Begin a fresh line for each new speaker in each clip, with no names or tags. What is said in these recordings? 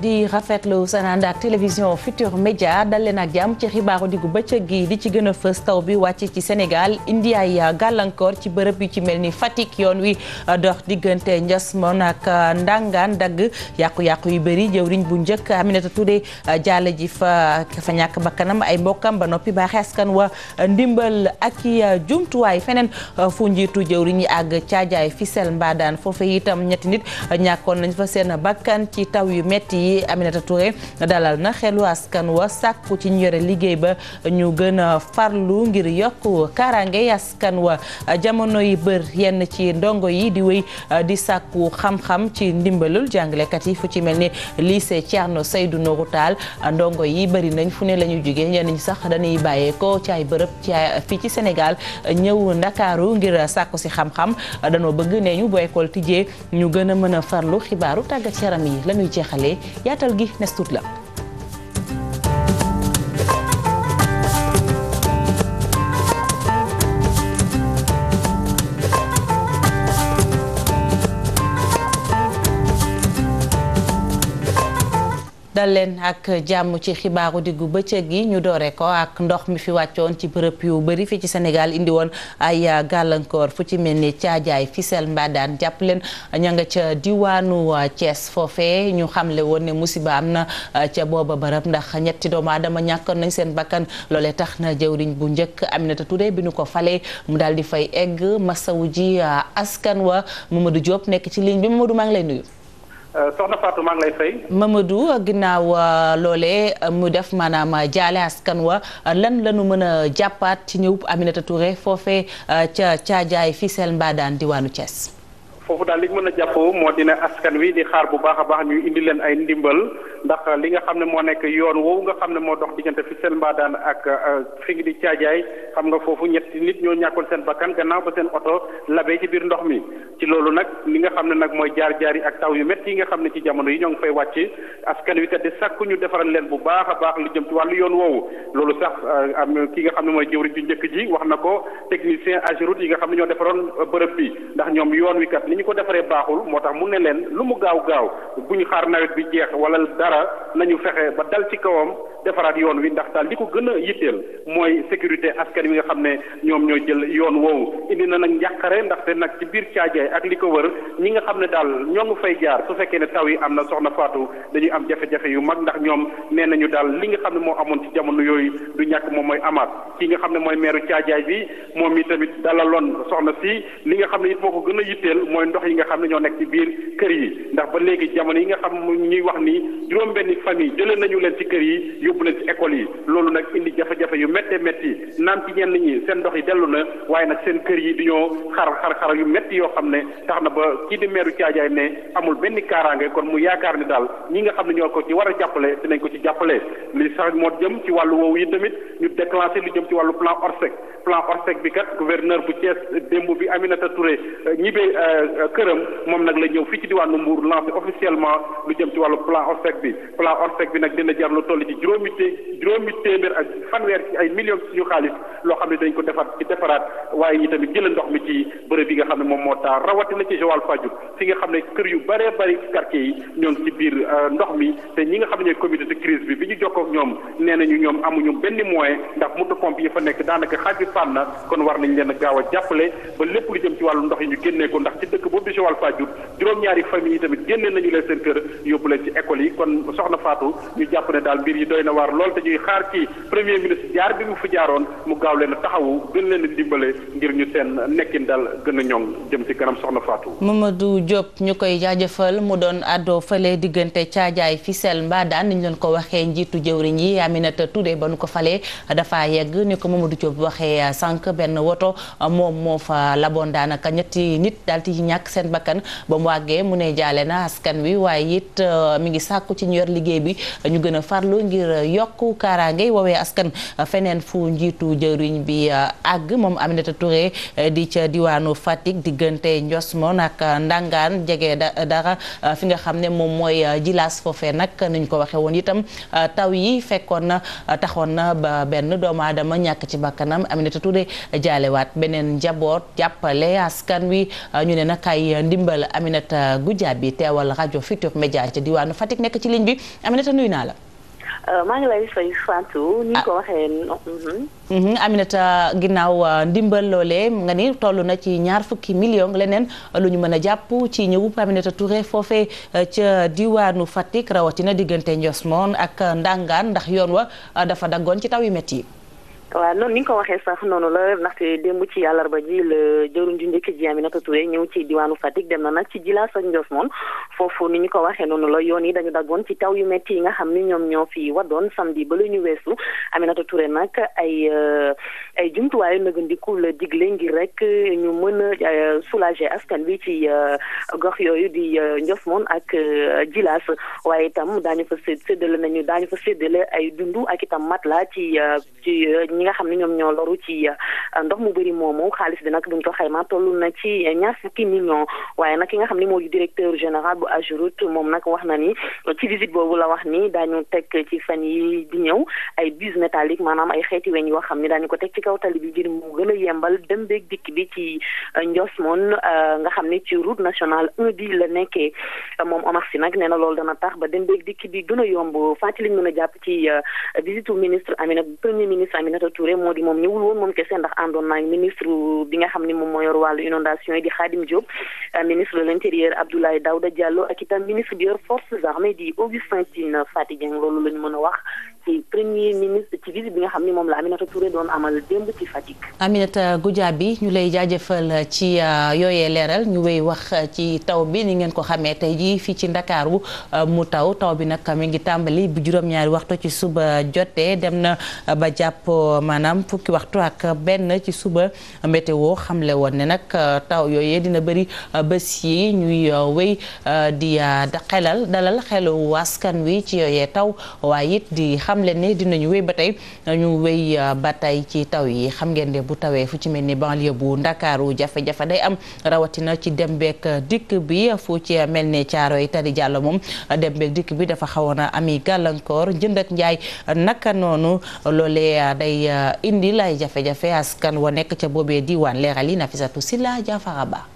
di rafetlu seen ànd ak télévision Futur Média dal leen ak jàmm ci xibaaru diggu bëccëg gi di ci gën a fës taw bi wàcc ci Sénégal indi ay gàllankoor ci bërëb yu ci mel ni Fatick yoon wi dox diggante njas Ndiasmone ak Ndangaan dagg yàqu-yàqu yu bëri jëwriñ bu njëkk Aminata Touré jàll ji fa fa ñàkk bakkanam ay mbokkam ba noppi baaxee askan wa ndimbal ak i jumtuwaay feneen fu njiitu jëwriñ yi àgg caajaay Fissel Mbadaan foofee itam ñetti nit ñàkkoon nañ ci taw yu metti gi Aminata Touré dalal na xelu askan wa sàkku ci ñu yore liggéey ba ñu gën a farlu ngir yokk kaaraange askan wa jamono yi bër yenn ci ndongo yi di wéy di sàkku xam-xam ci ndimbalul jàngalekat yi fu ci mel ni lii lycée Thierno Seydou Nourou Tall ndongo yi bëri nañ fu ne la ñu jugee ñenn ñi sax dañuy bàyyeekoo ci ay bërëb ci fii ci Sénégal ñëw Ndakaaru ngir sàkku si xam-xam danoo bëgg nee ñu bu école tijjee ñu gën a mën a farlu xibaaru tàggat yaram yi la ñuy yaatal gi nes tuut la dal leen ak jàmm ci xibaaru diggu ba bëccëg gi ñu doore ko ak ndox mi fi wàccoon ci bërëb yu bëri fii ci Sénégal indi woon ay euh, gàllankoor fu ci mel ni caajaay Fissel Mbadaan jàpp leen ña nga ca diwaanu cees euh, foofe ñu xamle woon ne musiba am na euh, ca booba bërëb ndax ñetti doomu aadama ñàkkoon nañu seen bakkan loolee tax na jëwriñ bu njëkk Aminata Touré bi ñu ko falee mu daal di fay egg masawu ji askan wa du Diop nekk ci ligne bi mu ma du ngi lay nuyu.
Euh, soxna Fatou maa ngi lay fay.
Mamadou ginnaaw euh, loole euh, mu def maanaam jaale askan wa lan la ñu mën a jàppaat ci ñëw Aminata ture foofee ca caa jaay Caajaay Fissel Mbadaan diwaanu cees
foofu daal li mën a jàpp wi di xaar bu baax a baax ñu indi leen ay ndimbal. ndax li nga xam ne moo nekk yoon woowu nga xam ne moo dox diggante fi seen mbaadaan ak euh, fi ngi di caajaay xam nga foofu ñetti nit ñoo ñàkkoon seen bakkan gannaaw ba seen oto labee ci biir ndox mi ci loolu nag li nga xam ne nag mooy jaar jaar yi ak taw yu métti yi nga xam ne ci jamono yi ñoo ngi fay wàcc askan wi kat di sàkku ñu defaral leen bu baax a baax lu jëm ci wàllu yoon woowu loolu sax euh, am ki nga xam ne mooy jëwriñ ju njëkk ji wax na ko technicien Ageroute yi nga xam ne ñoo defaroon euh, bërëb bi ndax ñoom yoon wi kat ni ñu ko defaree baaxul moo tax mu ne leen lu mu gaaw gaaw bu ñu xaar nawet bi jeex dara nañu fexe ba dal ci kawam defaraat yoon wi ndax daal li ko gën a yitteel mooy sécurité askan wi nga xam ne ñoom ñoo jël yoon woowu indi na nag njàqare ndaxte nag ci biir caajaay ak li ko wër ñi nga xam ne daal ñoo ngi fay jaar su fekkee ne taw yi am na soxna Fatou dañuy am jafe yu mag ndax ñoom nee nañu daal li nga xam ne moo amoon ci jamono yooyu du ñàkk moom mooy amaat ki nga xam ne mooy meeru caajaay bi moom i tamit dalaloon soxna si li nga xam ne it moo ko gën a yitteel mooy ndox yi nga xam ne ñoo nekk ci biir kër yi ndax ba léegi jamono yi nga xam ñuy wax ni juróom-benni famille jëlee nañu leen ci kër yi yóbbu leen ci école yi loolu nag indi jafe-jafe yu méttee métti naam ci ñenn ñi seen ndox yi dellu na waaye nag seen kër yi dañoo xar xar xar yu metti yoo xam ne tax na ba kii di meeru Caajaay ne amul benn kaaraange kon mu yaakaar ni daal ñi nga xam ne ñoo ko ci war a jàppale dinañ ko ci jàppale li sax moo jëm ci wàllu woowu yi tamit ñu déclenché lu jëm ci wàllu plan Orsec plan Orsec bi kat gouverneur bu Thiès démb bi Aminata Touré euh, ñibbee euh, euh, këram moom nag la ñëw fii ci diwaanu Mbour lancé lu jëm ci wàllu plan Orsec bi bi on ORSEC bi nag dina jar lu toll ci juróomi té juróomi téeméer ak fanweer ci ay millions suñu xaalis loo xam ne dañ ko defar ci defaraat waaye ñi tamit jëla ndox mi ci bërëb yi nga xam ne moom moo tax rawatina ci Joal Fadiouth fi nga xam ne kër yu bëree bëri quartier ñoo ngi biir euh, ndox mi te ñi nga xam ne comité de crise bi bi ñu jokkoo ak ñoom nee nañu ñoom amuñu benn moyen ndax moto pompe yi fa nekk daanaka xaaj bi fànn na kon war nañ leen gaaw a jàppale ba lépp lu jëm ci wàllu ndox yi ñu génnee ko ndax ci dëkk boobu di Joal Fadiouth juróom-ñaari famille yi tamit génnee nañu leen seen kër yóbbu leen école yi soxna Fatou ñu jàpp ne daal mbir yi doy na waar lool te ñuy xaar ci premier ministre jaar bi mu fi jaaroon mu gaaw leen taxawu gën leen dimbale ngir ñu seen nekkin daal gën a ñoŋ jëm ci kanam soxna Fatou.
Mamadou Diop ñu koy jaajëfal mu doon àddoo fële diggante caajaay Fissel Mbadane ni ñu leen ko waxee njiitu jëwriñ yi Aminata Touré ba nu ko falee dafa yegg ni ko Mamadou Diop waxee sànq benn woto moom moo fa laboon daanaka ñetti nit dal di ñàkk seen mu ñu yor liggéey bi ñu gën a farlu ngir yokk kaaraange woowee askan feneen fu njiitu jëriñ bi euh, àgg moom Aminata Touré euh, di ca diwaanu Fatick diggante njos Ndiosmone ak Ndangaan jege dara euh, fi nga xam ne moom mooy jilaas foofee nag ni ñu ko waxee woon itam taw yi fekkoon na taxoon na ba benn doomu aadama ñàkk ci bakkanam Aminata ture jaalewaat beneen njaboot jàppale askan wi ñu ne nag ay ndimbal Aminata Goudiaby teewal rajo Futurs Médias ca diwaanu Fatick nekk ci ligne bi Aminata nuyu naa la.
Euh, maa ngi lay fay Fatou ni ko ah. mhm.
Mhm, ginnaaw euh, ndimbal loolee nga ni toll na ci ñaar fukki million leneen lu ñu mën a jàpp ci ñëwub Aminata Touré foofee euh, ca diwaanu Fatick rawatina diggante Ndiosmone ak Ndangaan ndax yoon wa dafa daggoon ci taw yu métti yi.
waaw noonu ni nga ko waxee sax noonu la ndaxte démb ci àllarba ji la jëruñ ju njëkk ji Aminata Touré ñëw ci diwaanu Fatick dem na nag ci Djilass ak moom foofu ni ñu ko waxee noonu la yoon yi dañu daggoon ci taw yu métti yi nga xam ni ñoom ñoo fi waddoon samedi ba la ñu weesu Aminata Touré nag ay euh, ay jumtuwaayu nëgandiku la digle ngir rek ñu mën a euh, soulager askan bi ci euh, gox yooyu di euh, Ndiofmone ak Djilas waaye itam daañu fa séddale nañu daañu fa séddale ay dundu ak itam matelas ci ci ñi nga xam ne ñoom ñoo loru ci ndox mu bëri moomu xaalis bi nag buñ ko xayma toll na ci ñaar fukki millions waaye nag ki nga xam ne moo di directeur général bu Ageroute moom nag wax na ni ci visite boobu la wax ni daañu teg ci fan yi di ñëw ay bus métallique maanaam ay xeeti kaw tali bi gën a yembal dem beeg dikk bi ci euh, Ndiosmone euh, nga xam ni ci route nationale 1 bi la nekkee moom Omar Sy nag nee na loolu dana tax ba dem beeg dikk bi gën a yomb fàttali liñ mën a jàpp ci euh, visitu ministre Amina premier ministre Aminata Touré moo di moom ñëwul woon moom kese ndax àndoon naa ministre bi nga xam ne moom moo yor wàllu inondation yi di Khadim Diop ministre de l'intérieur Abdoulaye Daouda Diallo ak ministre bi yor forces armées di Augustin Tine Fatick loolu la ñu mën a wax ci premier moom la Aminata démb ci Fatick.
Aminata Goudiaby ñu lay jaajëfal ci euh, yooyee leeral ñu wéy wax euh, ci taw bi ni ngeen ko xamee tey jii fii ci Ndakaaru euh, mu taw taw bi nag mi ngi tàmbali bu juróom-ñaari waxtu ci suba jotee dem na ba jàpp maanaam fukki waxtu ak benn ci suba météo xamle woon ne nag taw yooyee dina bëri bës yi ñuy wéy di xelal dalal xelu askan wi ci yooyee taw waaye it di xamle ne dinañu wéy ba tey ñu wéy ba tey ci taw yi xam ngeen ne bu tawee fu ci mel ni banlieue bu ndakaaru jafe-jafe day am rawatina ci dem beek dikk bi fu ci mel ni caaro yi tari Jàll moom dem beek dikk bi dafa xawoon na ami gàllankoor jënd ak njaay naka noonu loolee day indi lay jafe-jafe askan wa nekk ca boobee diwaan leeral yi Nafisatu Silla Jaafara Ba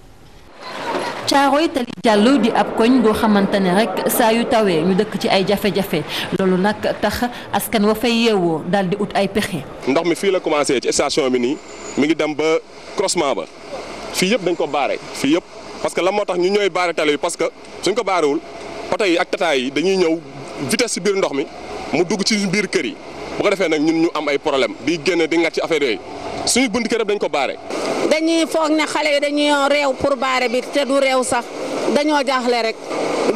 Caaroy Tali Jàll di ab koñ goo xamante ne rek saa yu tawee ñu dëkk ci ay jafe-jafe loolu nag tax askan wa fay yeewoo daal di ut ay pexe.
ndox mi fii la commencé ci station bi nii mi ngi dem ba croisement ba fii yëpp dañ ko baare fii yëpp parce que lan moo tax ñu ñooy baare tali bi parce que suñ ko baarewul oto yi ak tataay yi dañuy ñëw vitesse ci biir ndox mi mu dugg ci biir kër yi. bu defee nag ñun ñu am ay problème di génn di ngàcc affaire yooyu suñu bunt kër dañ ko baare.
dañuy foog ne xale yi dañuy
réew pour baare bi te du réew sax dañoo jaaxle rek.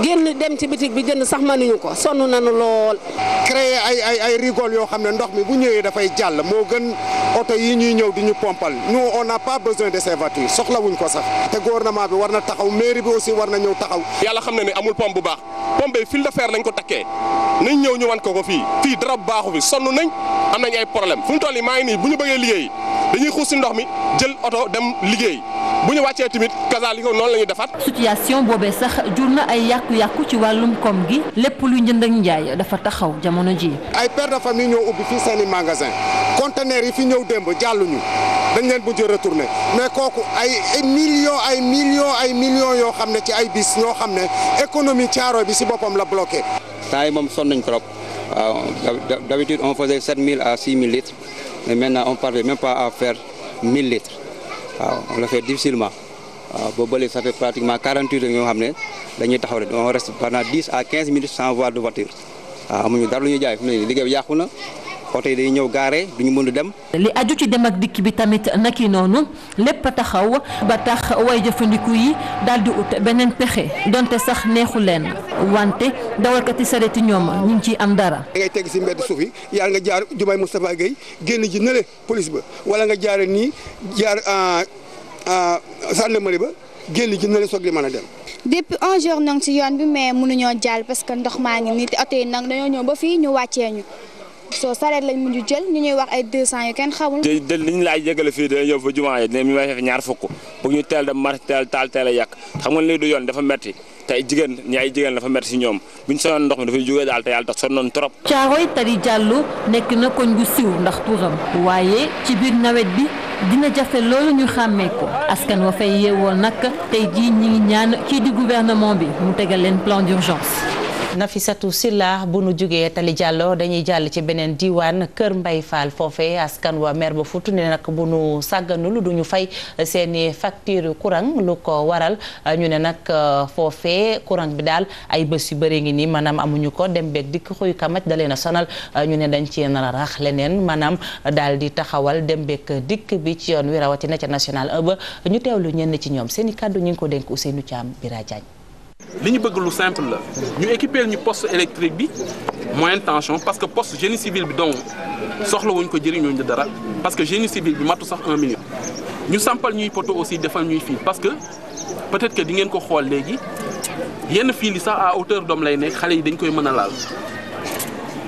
génn dem ci bitig bi jënd sax
mënuñu ko sonn nañu lool. créer ay ay ay rigole yoo xam ne ndox mi bu ñëwee dafay jàll moo gën oto yi ñuy ñëw di ñu pompal ñu on a pas besoin de ces soxlawuñ ko sax te gouvernement bi war na taxaw mairie bi aussi war na ñëw taxaw. yàlla xam na ne amul pompe bu baax pompe bi fil de fer lañ ko takkee nañ ñëw ñu wan ko ko fii fii dara baaxu fi sonn nañ am nañ ay problème fu mu toll nii maa ngi nii bu ñu bëggee liggéey dañuy xuus si ndox mi jël oto dem liggéey. bu ñu wàccee tamit kasaal li ko la ñuy defaat.
situation boobee sax jur na ay yàqu-yàqu ci wàllum koom gi lépp luy njënd ak njaay dafa taxaw jamono ji
ay père de famille ñoo ubbi fii seen magasin conteneurs yi fi ñëw démb jàlluñu dañ leen bëgg a retourné mais kooku ay millions ay millions ay millions yoo xam ne ci ay bis yoo xam ne économie caaro bi si boppam la bloqué.
temps yi moom sonn nañ trop waaw d'habitude on faisait 7000 à 6000 litres mais maintenant on parvient même pas à faire 1000 waaw on le fait difficilement waaw boobu ba léegi ça fait pratiquement 48 heures xam ne dañuy taxaw rek on reste pendant 10 à 15 minutes sans voir de voiture waaw amuñu dara lu jaay fu ne liggéey bi yàqu oto yi day ñëw gaare du ñu mën a dem.
li aju ci dem ak dikk bi tamit naki noonu lépp taxaw ba tax way jëfandiku yi daal di ut beneen pexe donte sax neexu leen wante dawalkati sareti ñoom ñu ngi ciy am dara.
da ngay teg si mbedd suuf yi yaa nga jaar Jumaay Moustapha Guèye génn ji nële police ba wala nga jaare nii jaar ah, ah, gendarmerie ba génn ji nële soog di mën a dem.
depuis 11 heures ñoo yoon bi mais mënuñoo jàll parce ndox maa ngi nii te oto yi nag dañoo ñëw soo sareet lañ mujj jël ñu ñuy wax ay deux
cent kenn xamul. te
de li ñu laay yëgale fii dañuy jumaa yi ñaar fukk pour ñu teel dem marché teel taal teel a yàq xam nga lii du yoon dafa metti te ay jigéen ñi ay jigéen dafa metti si ñoom bu ñu sonoon ndox mi dafay jógee daal te yàlla tax sonnoon trop.
Caaroy Tali Diallo nekk na koñ bu siw ndax turam waaye ci biir nawet bi dina jafe loolu ñu xàmmee ko askan wa fay yeewoo
nag tey jii ñi ñaan kii di gouvernement bi mu tegal leen plan d'urgence Nafisatou Sylla bu nu jógee Tali Diallo dañuy jàll ci beneen diwaan Kër Mbay faal foofe askan wa mer ba futu ne nag bu nu sàgganul du ñu fay seeni facture kuran lu ko waral ñu ne nag euh, foofe courant bi daal ay bës yu baree ngi nii maanaam amuñu ko dem beeg dikk xuy kamaj da leen sonal euh, ñu ne dañ ci nar rax leneen maanaam daal di taxawal dem beeg dikk bi ci yoon wi rawatina ca national 1 ba ñu teewlu ñenn ci ñoom seeni kàddu ñu ngi ko dénk Ousseynou Thiam Bira
li ñu bëgg lu simple la ñu équiper ñu poste électrique bi moyen tension parce que poste génie civil bi soxla wuñ ko jëriñoo ñu dara parce que génie civil bi matu sax un million. ñu sampal ñuy poteau aussi defal ñuy fil parce que peut-être que di ngeen ko xool léegi yenn fii li sax à hauteur d'homme lay nekk xale yi dañ koy mën a laal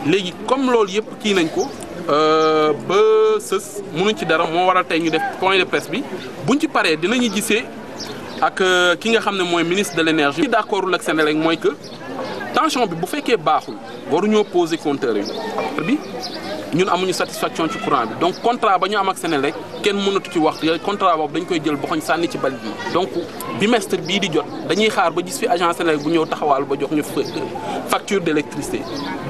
léegi comme loolu yëpp kii nañ ko. Euh, ba sës mënuñ ci dara moo waral tey ñu def point de presse bi buñ ci paree dinañu gisee. ak euh, ki nga xam ne mooy ministre de l' énergie. li d' accordul ak Senelec mooy que tension bi bu fekkee baaxul waruñoo poser compteur bi ñun amuñu satisfaction ci courant bi donc contra ba ñu am ak Senelec kenn mënatu ci wax euh, contrat boobu dañ koy jël boxoñ sànni ci bal bi donc bi bimestre bii di jot dañuy xaar ba gis fi agence Senelec bu ñëw taxawaal ba jox ñu euh, facture d' électricité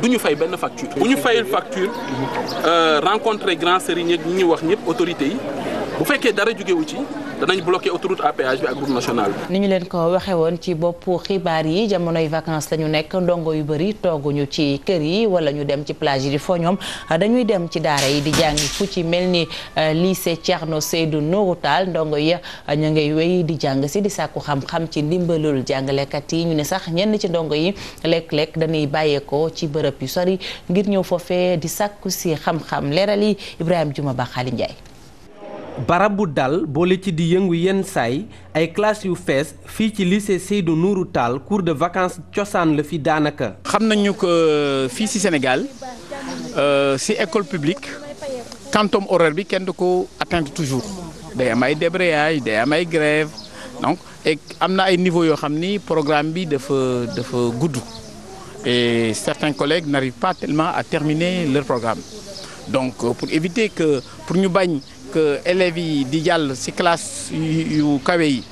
du ñu fay benn facture. bu ñu fayul facture rencontré grand sériñ ñi ñuy wax ñëpp autorité yi bu fekkee dara jógewu ci. danañ bloqué autoroute à bi ak
route nationale
ni ñu leen ko waxee woon ci boppu xibaar yi jamonoy vacances la nekk ndongo yu bëri tooguñu ci kër yi wala ñu dem ci plage yi di fo ñoom dañuy dem ci daara yi di jàngi fu ci mel ni eh, lycée Thierno Seydou Nourou Tall ndongo yi ñu ngay wéy di jàng si di sàkku xam-xam ci ndimbalul jàngalekat yi ñu ni sax ñenn ci ndongo yi lekk-lekk dañuy bàyyeekoo ci bërëb yu sori ngir ñëw foofee di sàkku si xam-xam leeral yi Ibrahima Juma Ba Xaali
barab bu dal boole ci di yëngu yenn saay ay classe yu fees fii ci lycée Seydou Nourou Tall cours de vacances cosaan la fi daanaka. xam nañu ko euh, fii ci Sénégal euh, ci école publique quantum horaire bi kenn du ko atteindre toujours day am ay débrayage day am ay grève donc et am na ay niveau yoo xam ni programme bi dafa dafa gudd et certains collègues n'arrivent pas tellement à terminer leur programme donc euh, pour éviter que pour ñu bañ. que élèves yi di jàll ci classe yu kawe yi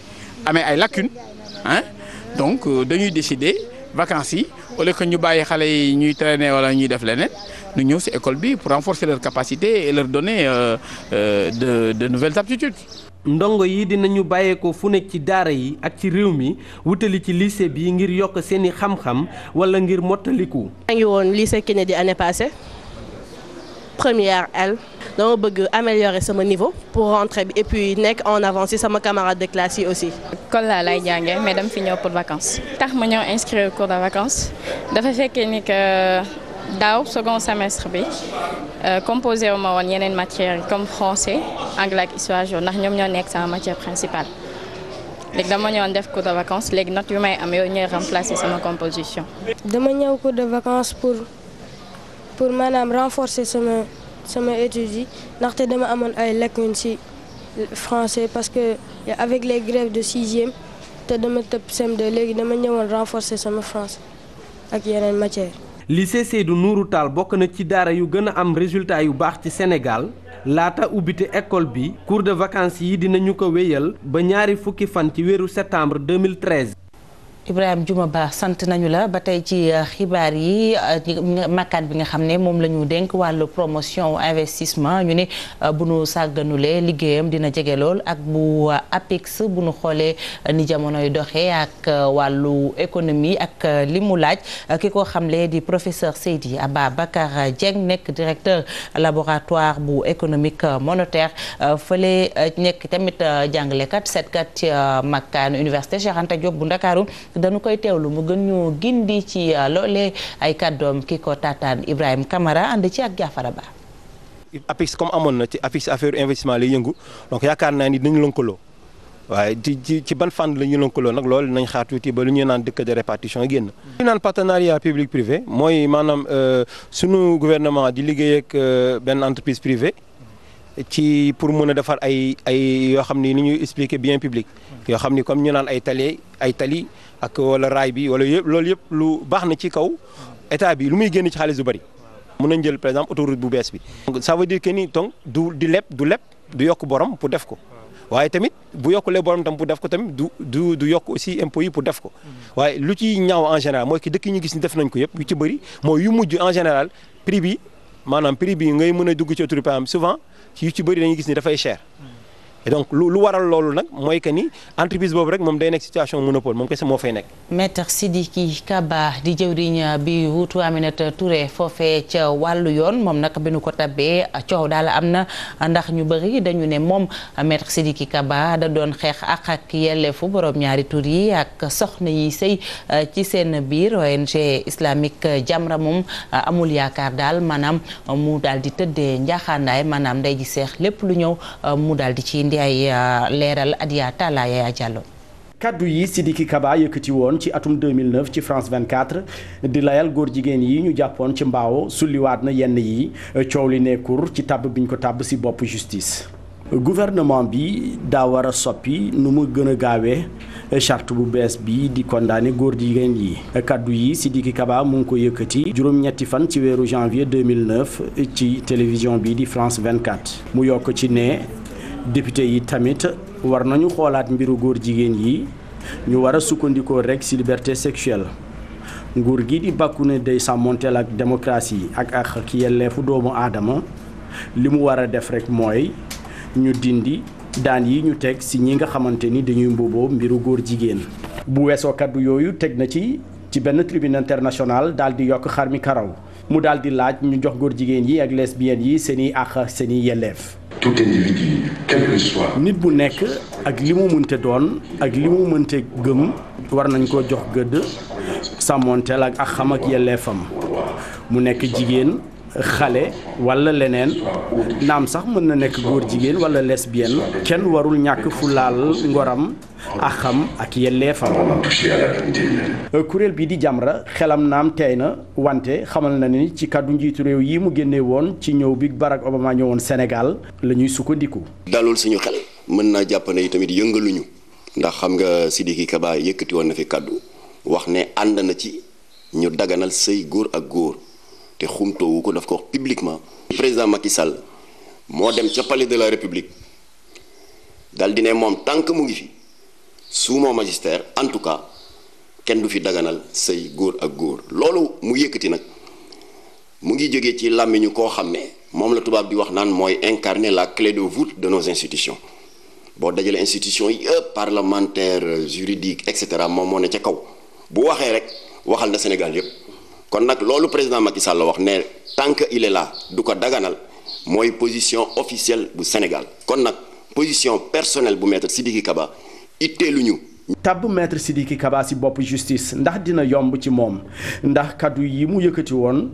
amee ay lacunes ah donc euh, dañuy décider vacances yi au lieu que ñu bàyyi xale yi ñuy traîner wala ñuy def leneen ñu ñëw ci école bi pour renforcer leur capacité et leur donner euh, euh, de de nouvelles aptitudes. ndongo yi dinañu bàyyeekoo fu nekk ci daara yi ak ci réew mi wutali ci lycée bi ngir yokk seeni xam-xam wala ngir mottaliku.
maa ngi woon lycée Kennedy année passée première dama bëgg améliorer sama niveau pour rentrer et puis nekk en avant si sama camarade de classe aussi.
Kolda lay jàngee mais dama pour vacances. tax ma ñëw inscrire cours de vacances dafa fekkee ni que euh, daaw second semestre bi euh, composé wu ma woon yeneen matières comme français anglais ak histoire géo nax ñoom ñoo nekk sama matière principale. léegi dama ñëwoon def cours de vacances léegi note yu may am yooyu ñooy remplacer sama composition. dama ñëw cours
de vacances pour pour maanaam renforcer sama. sama études yi ndaxte dama amoon ay lacunes ci français parce que avec les grèves de sixième te dama tëb CM2 léegi dama ñëwoon renforcer sama français ak yeneen
matière lycée Seydou Nourou Tall bokk na ci daara yu gën a am résultat yu baax ci Sénégal laata ubbite école bi cours de vacances yi dinañu ko wéyal ba ñaari fukki fan ci weeru septembre 2013.
Ibrahima Juma Ba sant nañu la ba tey ci euh, xibaar yi euh, makkaat bi nga xam ne moom la ñu dénk wàllu promotion investissement ñu ne euh, bu nu sàgganulee liggéeyam dina jege lool ak bu APIX bu nu xoolee ni jamonoy doxee ak wàllu économie ak li mu laaj ki ko xamle di yi Seydi Ababacar Dieng nekk directeur laboratoire bu économique monétaire fële nekk tamit jàngalekat seetkat makkaan université Cheikh Anta bu Ndakaaru dañu koy lu mu gën ñu gindi ci euh, loolee ay kàddoom ki ko taataan Ibrahima kamara ànd ci ak Jaafara Ba.
APIX comme amoon na ci APIX affaire investissement lay yëngu donc yaakaar naa ni dinañu lëkkaloo waaye ci ci ban fànn la ñu lëkkaloo nag loolu nañ xaar tuuti ba lu ñuy naan dëkk de répartition yi génn. li naan partenariat public privé mooy maanaam euh, sunu gouvernement di liggéey ak euh, benn entreprise privée. ci pour mën a defar ay ay yoo xam ni ni ñuy expliquer bien public. yoo xam ni ñu naan ay tali ay tali. ak wala raay bi wala yëpp loolu yëpp lu baax na ci kaw état bi lu muy génn ci xaalis du bëri mun nañ jël par exemple autoroute bu bees bi. ça veut dire que ni donc du di leb du leb du yokk borom pour def ko. waaye tamit bu yokkulee borom tam bu def ko tamit du du du yokk aussi impôts yi pour def ko waaye lu ci ñaaw en général mooy ki dëkk ñu gis ni def nañ ko yëpp yu ci bëri mooy yu mujj en général prix bi maanaam prix bi ngay mën a dugg ci autoroute souvent yu ci bëri dañuy gi ni dafay cher. et donc lu lu waral loolu nag mooy que ni entreprise boobu rek moom day nekk situation monopole moom kese moo fay nekk.
maître Sidiki Kaba di jëwriñ bi wuutu Aminata Touré foofe ca wàllu yoon moom nag bi nu ko tabbee coow daal am na ndax ñu bëri dañu ne moom maître Sidiki kabaa da doon xeex ak ak yelleefu boroom ñaari tur yi ak soxna yi sëy eh, ci seen biir ONG islamique Jamra moom eh, amul yaakaar daal maanaam mu daal di tëddee njaaxaandaay maanaam day ji seex indi ay euh, leeral Adia Talla Yaya Diallo
kaddu yi Sidiki Kaba yëkkati woon ci atum 2009 ci France 24 di layal góor jigéen yi ñu jàppoon ci mbaaw sulliwaat na yenn yi euh, coow li nekkur ci tàbb biñ ko tàbb si bopp justice gouvernement bi daa war a soppi nu mu gën a gaawee euh, charte bu bees bi di condamné góor jigéen yi kaddu yi Sidiki Kaba mu ngi ko yëkkati juróom-ñetti fan ci weeru janvier 2009 ci télévision bi di France 24 mu yokk ci ne député yi tamit war nañu xoolaat mbiru góor jigéen yi ñu war a sukkandikoo rekk ci liberté sexuelle nguur gi di bàkku ne day sàmmonteel ak démocratie ak ak yelleefu doomu aadama li mu war a def rekk mooy ñu dindi daan yi ñu teg ci ñi nga xamante ni dañuy mbooboo mbiru góor jigéen. bu weesoo kàddu yooyu teg na ci ci benn tribune internationale daal di yokk xar mi karaw mu daal di laaj ñu jox góor jigéen yi ak lesbiennes yi seeni àq seeni yelleef. tout nit bu nekk ak li mu mënte doon ak li mu mënte gëm war nañ ko jox gëdd sàmmonteel ak ak xam ak yelleefam mu nekk jigéen. xale walla leneen naam sax mën na nekk góor jigéen wala lesbienne kenn warul ñàkk fu laal ngoram axam ak yelleefam euh, kuréel bii di Jamra xelam naam tey na wante xamal na ni ci kàddu njiitu réew yi mu génnee woon ci ñëw bi Barack Obama ñëwoon Sénégal la ñuy sukkandiku
dalul suñu xel mën naa jàpp ne tamit yëngaluñu ndax xam nga Sidiki Kaba yëkkati woon na fi kàddu wax ne ànd na ci ñu daganal sëy góor ak góor te xumtoowu ko daf ko wax publiquement président Macky Sall moo dem ca palais de la république dal di ne moom tànk mu ngi fi su mon magistère en tout cas kenn du fi daganal say góor ak góor loolu mu yëkkati nag mu ngi jógee ci làmmiñu koo xam ne moom la tubaab bi wax naan mooy incarner la clé de voûte de nos institutions boo dajale institution yëpp parlementaire juridique et cetera moom moo ne ca kaw bu waxee rek waxal na Sénégal yëpp kon nag loolu président Macky Sall wax ne tant que il est là du ko daganal mooy position officielle bu Sénégal kon nag position personnelle bu maître Sidiki Kaba itteeluñu.
tàbb maître Sidiki Kaba si bopp justice ndax dina yomb ci moom ndax kàddu yi mu yëkkati woon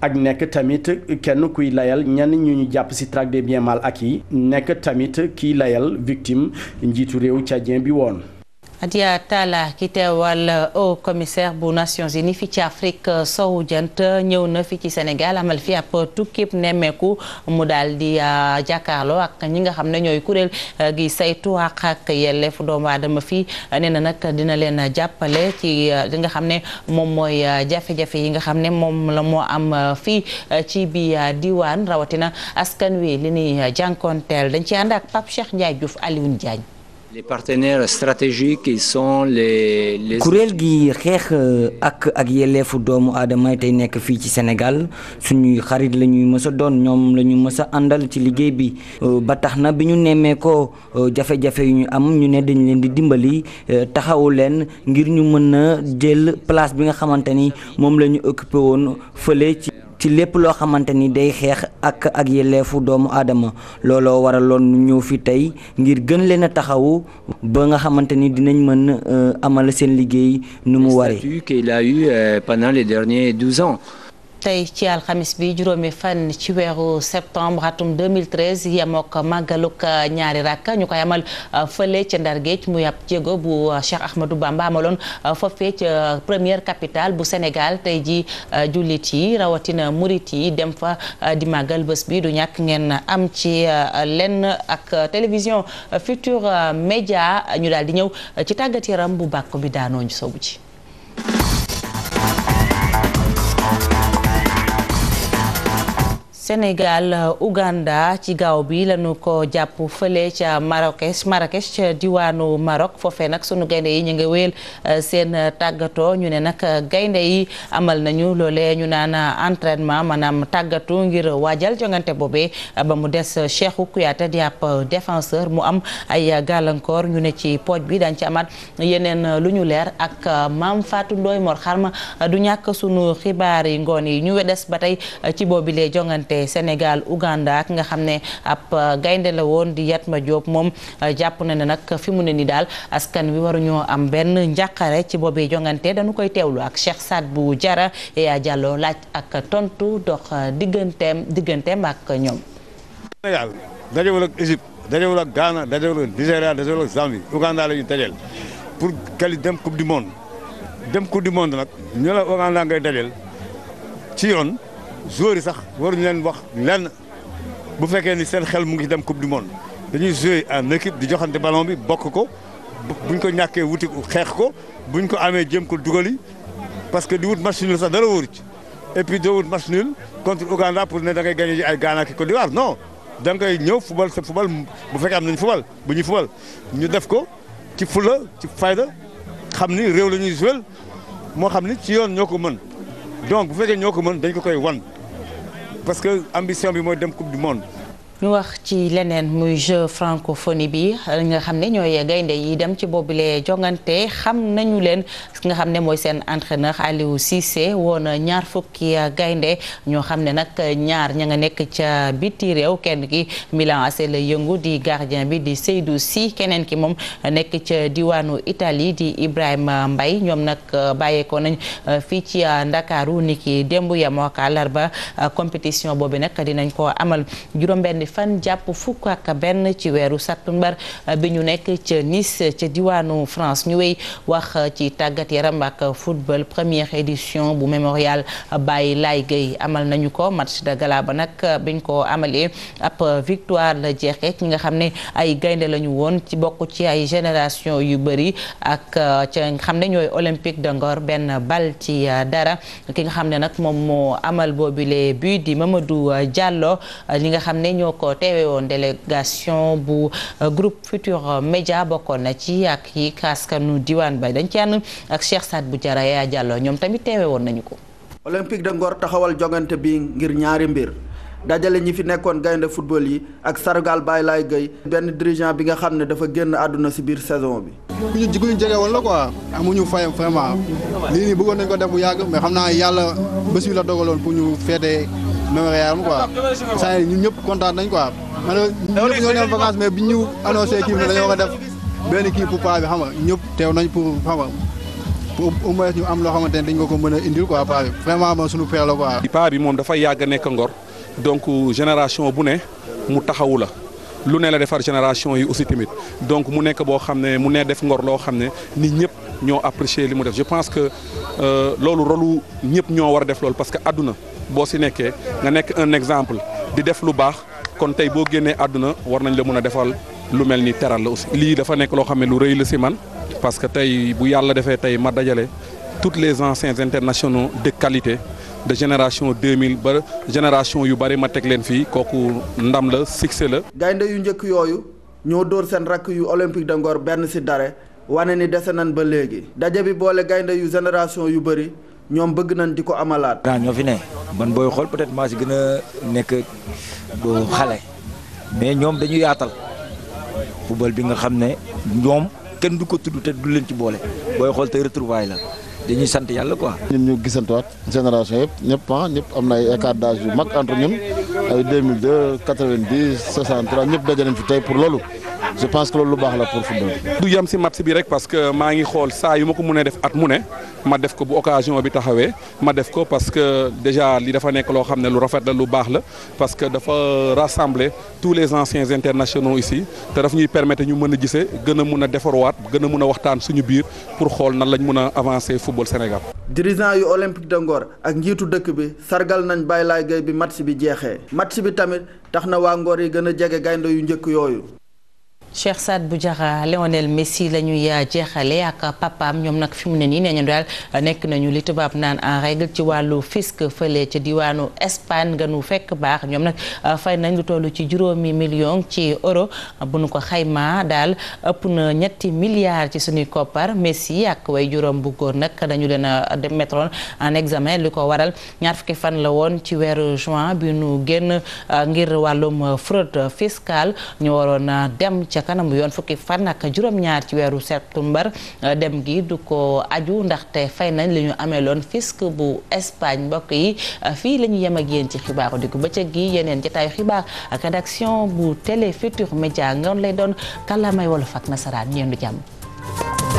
ak nekk tamit kenn kuy layal ñenn ñu ñu jàpp si traque des biens ak yi nekk tamit kiy layal victime njiitu réew tchadien bi woon.
Adia Talla ki teewal haut commissaire bu Nations Unies fi ci Afrique euh, sow jant euh, ñëw na fi ci Sénégal amal fi tukkib nemmeeku mu daal di euh, jàkkaarloo ak ñi nga xam ne ñooy kuréel gi saytu àq ak yelleef doomu aadama fii nee na nag dina leen jàppale ci li nga xam ne moom mooy jafe-jafe yi nga xam ne moom la moo am fi ci bi diwaan rawatina askan wi li ñuy jànkoonteel dañ ci ànd ak Pape Cheikh Ndiaye Diouf Alioune
kuréel
gi xeex euh, ak ak yelleefu doomu aadama yi tey nekk fii ci Sénégal suñuy xarit la ñuy mës a doon ñoom la ñu mës a àndal ci liggéey bi euh, ba tax na bi ñu nemmee ko euh, jafe-jafe yu ñu am ñu ne dañ leen di dimbali taxawu leen ngir ñu mën a jël place bi nga xamante ni moom la ñu woon fële ci ci lépp loo xamante ni day xeex ak ak yelleefu doomu aadama looloo waraloon nu ñëw fii tey ngir gën leen a taxaw ba nga xamante ni dinañ mën euh, amal seen liggéey nu mu ware
qu'il a eu euh, pendant les derniers
tey ci alxamis bi juróomi fan ci weeru septembre atum 2013 yemook màggaluk euh, ñaari ràkk ñu koy amal euh, fële ci Ndar Géej muy ab jéego bu euh, Cheikh Ahmadou Bamba amaloon foofee ca première capital bu Sénégal tey ji jullit yi rawatina murit yi dem fa di màggal bés bi du ñàkk ngeen am ci lenn ak télévision Futur Média ñu daal di ñëw ci tàggat yaram bu bàkk bi daanoo ñu soobu ci Sénégal euh, Ouganda ci gaaw bi lañu ko jàpp fële ca Marrakech Marrakech ca diwaanu Maroc foofe nag sunu gaynde yi ñu ngi wéyal euh, seen tàggatoo ñu ne nag euh, gaynde yi amal nañu loolee ñu naan entraînement maanaam tàggatu ngir waajal jongante boobee ba mu des Cheikhou Kouyaté di ab défenseur mu am ay gàllankoor ñu ne ci pooj bi dañ ci amaat yeneen lu ñu leer ak Maam Fatou Ndoye Mor xarma du ñàkk sunu xibaar yi ngoon yi ñu des ba tey ci boobi jongante diggante Sénégal Ouganda ak nga xam ne ab euh, gaynde la woon di ma Diop moom euh, jàpp na ne nag fi mu ne nii daal askan wi waruñoo am benn njàqare ci boobee jongante dañu koy teewlu ak Cheikh sat bu Jara Yaya Diallo laaj ak tontu dox euh, digganteem digganteem ak ñoom.
Sénégal
dajewul ak Égypte dajewul ak Ghana dajewul ak Nigéria dajewul ak Zambie Ouganda la dajeel pour quali dem coupe du monde dem coupe du monde nag ñu la Ouganda ngay dajeel ci yoon. joueurs yi sax waruñu leen wax lenn bu fekkee ni seen xel mu ngi dem coupe du monde dañuy jouer en équipe di joxante ballon bi bokk ko buñ ko ñàkkee wuti xeex ko buñ ko amee jëm ko dugali parce que di wut match nul sax dara wóoru ci et puis doo wut match nul contre Ouganda pour ne da ngay gagné ay gaanaaki ko di d'Ivoire non da ngay ñëw fubal sa fubal bu fekkee am nañ fubal bu ñuy fubal ñu def ko ci fula ci fayda xam ni réew la ñuy jouer moo xam ni ci yoon ñoo ko mën donc bu ñoo ko mën dañ ko koy wan parce que ambition bi mooy dem coupe du monde
ñu wax ci leneen muy jeu francophonie bi nga xam ne ñooy gaynde yi dem ci boobule jongante xam nañu leen nga xam ne mooy seen entraîneur Aliou Cissé woon ñaar fukki gaynde ñoo xam ne nag ñaar ña nga nekk ca biti réew kenn ki Milan AC la yëngu di gardien bi di Seydou Sy keneen ki moom nekk ca diwaanu Italie di Ibrahima mbay ñoom nag bàyyeekoo nañ euh, fii ci euh, Ndakaaru niki démb yamoo ak àllarba euh, compétition boobu nag dinañ ko amal fan jàpp fukk ak benn ci weeru sattumbar eh, bi ñu nekk ca Nice ca diwaanu France ñu wéy wax eh, ci tàggat yaram ak football première édition bu mémorial Baye Laye Gueye amal nañu ko match de gala ba nag eh, biñ ko amalee ab victoire la jeexee ñi nga xam ne ay gaynde lañu woon ci bokk ci ay génération yu bëri ak ca nga xam ne ñooy olympique de Ngor benn bal ci dara ki nga xam ne nag moom moo amal boobule but di Mamadou Diallo li nga xam ne ñoo ko teewe woon délégation bu euh, groupe Futur Média bokkoon na ci ak yi kaskanu diwaan bay dañ ci ànd ak Cheikh Saad bu Jara Yaya Diallo ñoom tamit teewe woon nañu ko
olympique de Ngor taxawal jongante bi ngir ñaari mbir dajale ñi fi nekkoon gaynde football yi ak sargal Baye Laye Gueye benn dirigeant bi nga xam ne dafa génn àdduna si biir saison bi ñu jege woon la quoi amuñu fayam vraiment lii nii bëggoon nañ ko def bu yàgg mais xam naa yàlla bés bi la mémorial a saa ñun ñëpp kontaan nañ quoi. man ñun ñëpp bi ñu annoncé kii bi ne benn kii pour paa xam nga ñëpp teew nañ pour xam nga am loo xamante ne dañ ko ko mën a indil quoi paa bi vraiment man suñu père la quoi.
paa bi moom dafay yàgg nekk ngor donc génération bu ne mu taxawu la. lu ne defar génération yi aussi tamit donc mu nekk boo xam ne mu ne def ngor loo xam ne nit ñëpp ñoo apprécier li mu def je pense que euh, loolu rolu ñëpp ñoo war a def loolu parce que àdduna boo si nekkee nga nekk un exemple di def lu baax kon tey boo génnee àdduna war nañ la mën a defal lu mel ni teral la aussi. lii dafa nekk loo xam ne lu rëy la si man parce que tey bu yàlla defee tey ma dajale toutes les anciens internationaux de qualité de génération 2000 ba génération yu bari ma teg leen fii kooku ndam la succès la.
gaynde yu njëkk yooyu ñoo dóor seen rakk yu olympique de Ngor benn si dare wane ni dese nan ba léegi daje bi boole gaynde yu génération yu bëri. ñoom bëgg nañ di ko amalaat.
grand ñoo fi ne man booy xool peut-être maa si gën a nekk xale mais ñoom dañu yaatal football bi nga xam ne ñoom kenn du ko tudd te du leen ci boole booy xool te retrouvaille la dañuy sant yàlla quoi. ñun gis gisantuwaat génération yëpp ñëpp ah ñëpp am na ay écart d'âge yu mag entre ñun ay 2002 90
63 ñëpp daje nañ fi tey pour loolu. je pense que loolu lu baax la pour football.
du yem si match bi rek parce que maa ngi xool saa yu ma ko mënee def at mu ne ma def ko bu occasion bi taxawee ma def ko parce que déjà li dafa nekk loo xam ne lu rafet la lu baax la parce que dafa rassembler tous les anciens internationaux ici te daf ñuy permettre ñu mën a gisee gën a mun a defarwaat gën a mun a waxtaan suñu biir pour xool nan lañ mun a avancer football Sénégal.
dirigeant yu Olympique de Ngor ak njiitu dëkk bi sargal nañ Baye Laye Gueye bi match bi jeexee match bi tamit tax na waa Ngor yi gën a jege gaynde yu njëkk yooyu.
Cheikh Saad bu jaxa Lionel Messi la ñuy euh, jeexale ak euh, papaam ñoom nag fi mu ne nii nee ñu daal euh, nekk nañu li tubaab naan en règle ci wàllu fisc fële ci diwaanu Espagne nga nu fekk baax ñoom nag fay nañ lu toll ci juróomi million ci euro bu nu ko xayma daal ëpp na ñetti milliards ci suñuy koppar Messi ak way juróom bu góor nag dañu leen a mettroon en examen li ko waral ñaar fukki fan la woon ci weeru juin bi nu génn ngir wàllum fraude fiscale ñu waroon kanamu yoon fukki fan ak juróom-ñaar ci weeru septembre euh, dem gi du ko aju ndaxte fay nañ li ñu ameeloon fisc bu Espagne mbokk yi euh, fii la ñu yem ak yéen ci xibaaru diggu bëccëg gi yeneen jataayu xibaar ak rédaction bu Télé Futurs Médias ngoon lay doon kàllaamay wolof ak nasaraan ñeendu jàmm